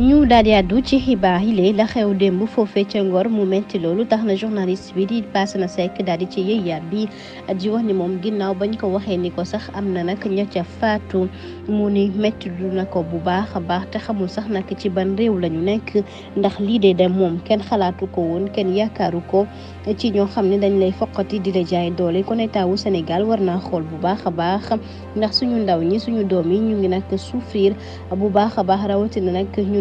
ñu daal di du ci xibaar yi lee da xew démb foofee ca Ngor mu metti loolu tax na journaliste bi di na Seck daal di ci yëyyaat bi di wax ni moom ginnaaw bañ ko waxee ni ko sax am na nag ña ca faatu mu ni metti lu na ko bu baax a baax te xamul sax nag ci ban réew la ñu nekk ndax lii de dem moom kenn xalaatu ko woon kenn yaakaaru ko ci ñoo xam ne dañ lay foqati di la jaay doole kon état wu Sénégal war naa xool bu baax a baax ndax suñu ndaw ñi suñu doom yi ñu ngi nag souffrir bu baax